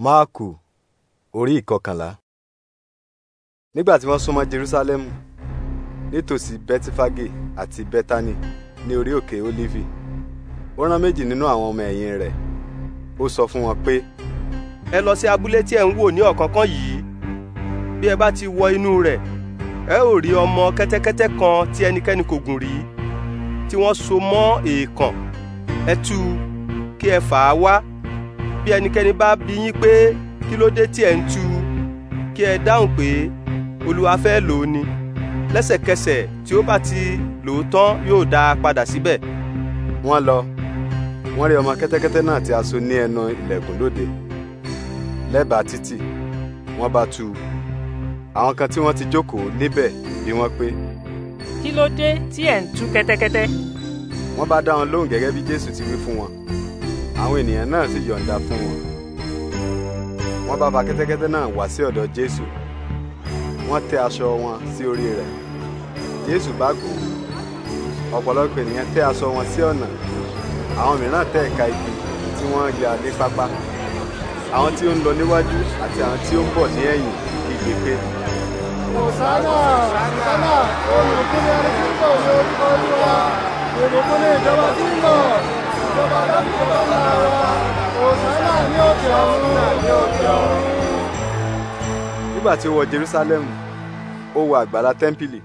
máàkù orí ìkọkànlá. nígbà tí wọ́n súnmọ́ jerúsálẹ́mù nítòsí bẹ́tífágè àti bẹ́tánì ní orí òkè ólífì ó rán méjì nínú àwọn ọmọ ẹ̀yìn rẹ̀ ó sọ fún wọn pé. ẹ lọ sí abúlé tí ẹ ń wò ní ọ̀kánkán yìí bí ẹ bá ti wọ inú rẹ̀ ẹ ó rí ọmọ kẹ́tẹ́kẹ́tẹ́ kan tí ẹnikẹ́ni kò gùn rí tí wọ́n so mọ́ èèkàn ẹ tú u kí ẹ fà á wá bí ẹnikẹ́ni bá bi yín pé kí ló dé tí ẹ̀ ń tu kí ẹ dáhùn pé olúwa fẹ́ lò ó ni lẹ́sẹ̀kẹsẹ̀ tí ó bá ti lò ó tán yóò dá a padà síbẹ̀. wọ́n lọ wọ́n rí ọmọ kẹ́tẹ́kẹ́tẹ́ náà tí a so ní ẹnu ilẹ̀kùn lóde lẹ́bàá títì wọ́n bá tú àwọn kan tí wọ́n ti jókòó níbẹ̀ bí wọ́n pé. kí ló dé tí ẹ̀ ń tú kẹ́tẹ́kẹ́tẹ́. wọ́n bá dá wọn lóhùn gẹ́gẹ́ bí jésù ti wí fún wọn àwọn ènìyàn náà sì yọ̀ǹda fún wọn wọ́n bá fa kẹ́tẹ́kẹ́tẹ́ náà wá sí ọ̀dọ̀ jésù wọ́n tẹ́ aṣọ wọn sí orí rẹ̀ jésù bá gùn ọ̀pọ̀lọpọ̀ ènìyàn tẹ́ aṣọ wọn sí ọ̀nà àwọn mìíràn tẹ́ ẹ̀ka igi tí wọ́n ya ní pápá àwọn tí ó ń lọ níwájú àti àwọn tí ó ń bọ̀ ní ẹ̀yìn kígbe pé. ọ̀sánà ọ̀sánà olùkúni ẹni tí ń bọ̀ ní orúkọ olúwa èrè ìjọba tí ń bọ̀ ìjọba lọ́dún tó ń lọ wá òṣèlú ní òkè ọ̀run ní òkè ọ̀run. nígbà tí ó wọ Jerúsálẹ́mù ó wo àgbàlá tẹ́ḿpìlì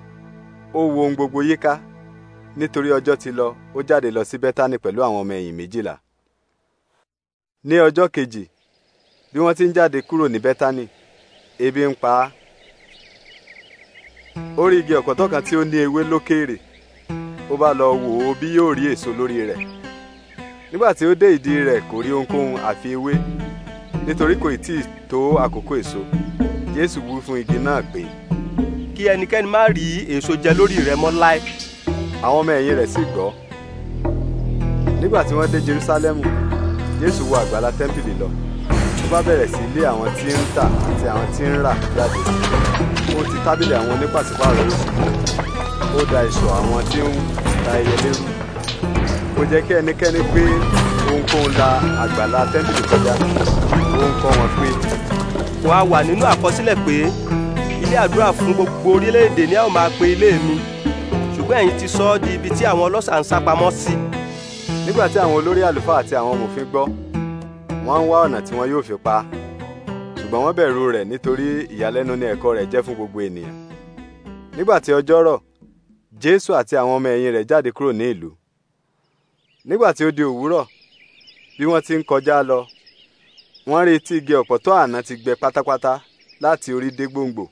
ó wo ohun gbogbo yíká nítorí ọjọ́ ti lọ ó jáde lọ sí bẹ́tánì pẹ̀lú àwọn ọmọ ẹ̀yìn méjìlá ní ọjọ́ kejì bí wọ́n ti ń jáde kúrò ní bẹ́tánì ebi ń pa á ó rí igi ọ̀kọ̀tọ́ kan tí ó ní ewé lókèèrè ó bá lọ wò ó bí yóò rí èso lórí rẹ̀ nígbà tí ó dé ìdí rẹ̀ kò rí ohunkóhun àfi ewé nítorí kò tí ì tó àkókò èso jésù wí fún igi náà pé. kí ẹnikẹ́ni má rí èso jẹ lórí rẹ̀ mọ́ láé. àwọn ọmọ ẹ̀yìn rẹ̀ sì gbọ́. nígbà tí wọ́n dé jerúsálẹ́mù jésù wọ àgbàlá tẹ́ḿpìlì lọ ó bá bẹ̀rẹ̀ sí ilé àwọn tí ń tà àti àwọn tí ń rà jáde ó ti tábìlì àwọn onípàṣípààrọ̀ ó da ìṣọ̀ àwọn tí ń ta ẹyẹ lérú kò jẹ́ kí ẹnikẹ́ni gbé ohunkóhun la àgbàlá tẹ́ǹtì kọjá òun kọ́ wọn pé. wọ́n á wà nínú àkọsílẹ̀ pé ilé àdúrà fún gbogbo orílẹ̀-èdè ni a ó máa pe ilé mi ṣùgbọ́n ẹ̀yin ti sọ ọ́ di ibi tí àwọn ọlọ́ṣà ń sápamọ́ sí. nígbà tí àwọn olórí àlùfáà àti àwọn amòfin gbọ́ wọ́n ń wá ọ̀nà tí wọ́n yóò fi pa ṣùgbọ́n wọ́n bẹ̀rù rẹ̀ nítorí ìyàlẹ́nu ni ẹ̀kọ́ rẹ̀ jẹ́ fún gbogbo ènìyàn. nígbà tí ọjọ́ rọ̀ jésù àti àwọn ọmọ ẹ̀yìn rẹ̀ jáde kúrò ní ìlú nígbà tí ó di òwúrọ̀ bí wọ́n ti ń kọjá lọ wọ́n rí tí igi ọ̀pọ̀tọ́ àná ti gbẹ pátápátá láti orí dé gbòǹgbò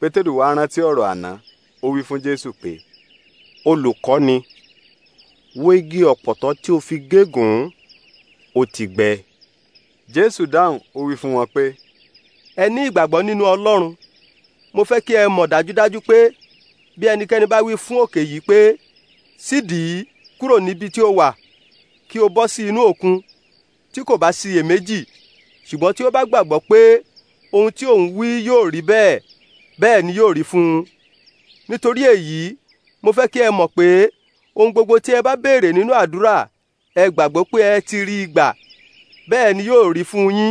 pétérù wá rántí ọ̀rọ̀ àná ó wí fún jésù pé. olùkọ́ni wo igi ọ̀pọ̀tọ́ tí o fi gégùn ún ó ti gbẹ. jésù dáhùn ó wí fún wọn pé. ẹ ní ìgbàgbọ́ nínú ọlọ́run mo fẹ́ kí ẹ mọ̀ dájúdájú pé bí ẹnikẹ́ni bá wí fún òkè yìí pé sídìí kúrò níbi tí ó wà kí ó bọ́ sí inú òkun tí kò bá ṣiyèméjì ṣùgbọ́n tí ó bá gbàgbọ́ pé ohun tí òun wí yóò rí bẹ́ẹ̀ bẹ́ẹ̀ ni yóò rí fún un nítorí èyí mo fẹ́ kí ẹ mọ̀ pé ohun gbogbo tí ẹ bá béèrè nínú àdúrà ẹ gbàgbọ́ pé ẹ ti rí i gbà bẹ́ẹ̀ ni yóò rí fún yín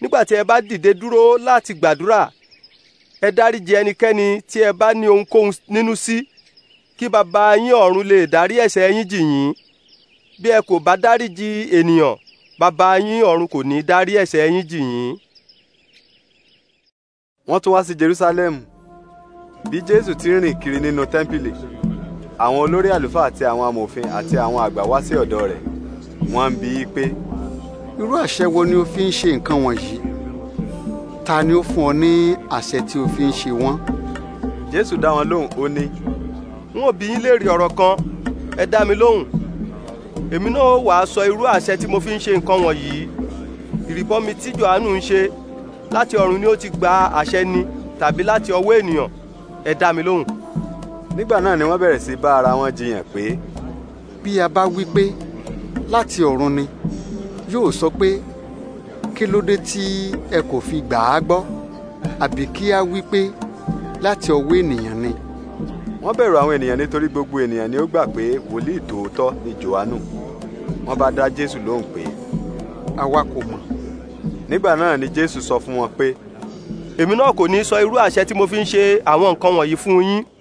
nígbà tí ẹ bá dìde dúró láti gbàdúrà ẹ dáríji ẹnikẹ́ni tí ẹ bá ní ohunkóhun nínú sí. Si kí bàbá yín ọ̀run lè dárí ẹ̀ṣẹ̀ yín jì yín bí ẹ kò bá dáríji ènìyàn bàbá yín ọ̀run kò ní dárí ẹ̀ṣẹ̀ yín jì yín. wọ́n tún wá sí Jerusalem bí Jésù ti rìn kiri nínú tẹ́ḿpìlì àwọn olórí àlùfáà àti àwọn amòfin àti àwọn àgbà wá sí ọ̀dọ̀ rẹ̀ wọ́n ń bi í pé. irú àṣẹ wo ni o fi ń ṣe nǹkan wọ̀nyí ta ni ó fún ọ ní àṣẹ tí o fi ń ṣe wọ́n. Jésù dá wọn lóhùn ó ní n ó bi yín léèrè ọ̀rọ̀ kan ẹ dá mi lóhùn èmi náà wàá sọ irú àṣẹ tí mo fi ń ṣe nǹkan wọ̀nyí ìrìbọmi tí Jòhánù ń ṣe láti ọ̀run ni ó ti gba àṣẹ ni tàbí láti ọwọ́ ènìyàn ẹ dá mi lóhùn. nígbà náà ni wọ́n bẹ̀rẹ̀ sí bá ara wọn jiyàn pé bí a bá wí pé láti ọ̀run ni yóò sọ pé kí ló dé tí ẹ kò fi gbà á gbọ́ àbí kí a wí pé láti ọwọ́ ènìyàn ni wọ́n bẹ̀rù àwọn ènìyàn nítorí gbogbo ènìyàn ni ó gbà pé wòlíì tòótọ́ ni Jòhánù wọ́n bá dá Jésù lóhùn pé àwa kò mọ̀ nígbà náà ni Jésù sọ fún wọn pé èmi náà kò ní sọ irú àṣẹ tí mo fi ń ṣe àwọn nǹkan wọ̀nyí fún yín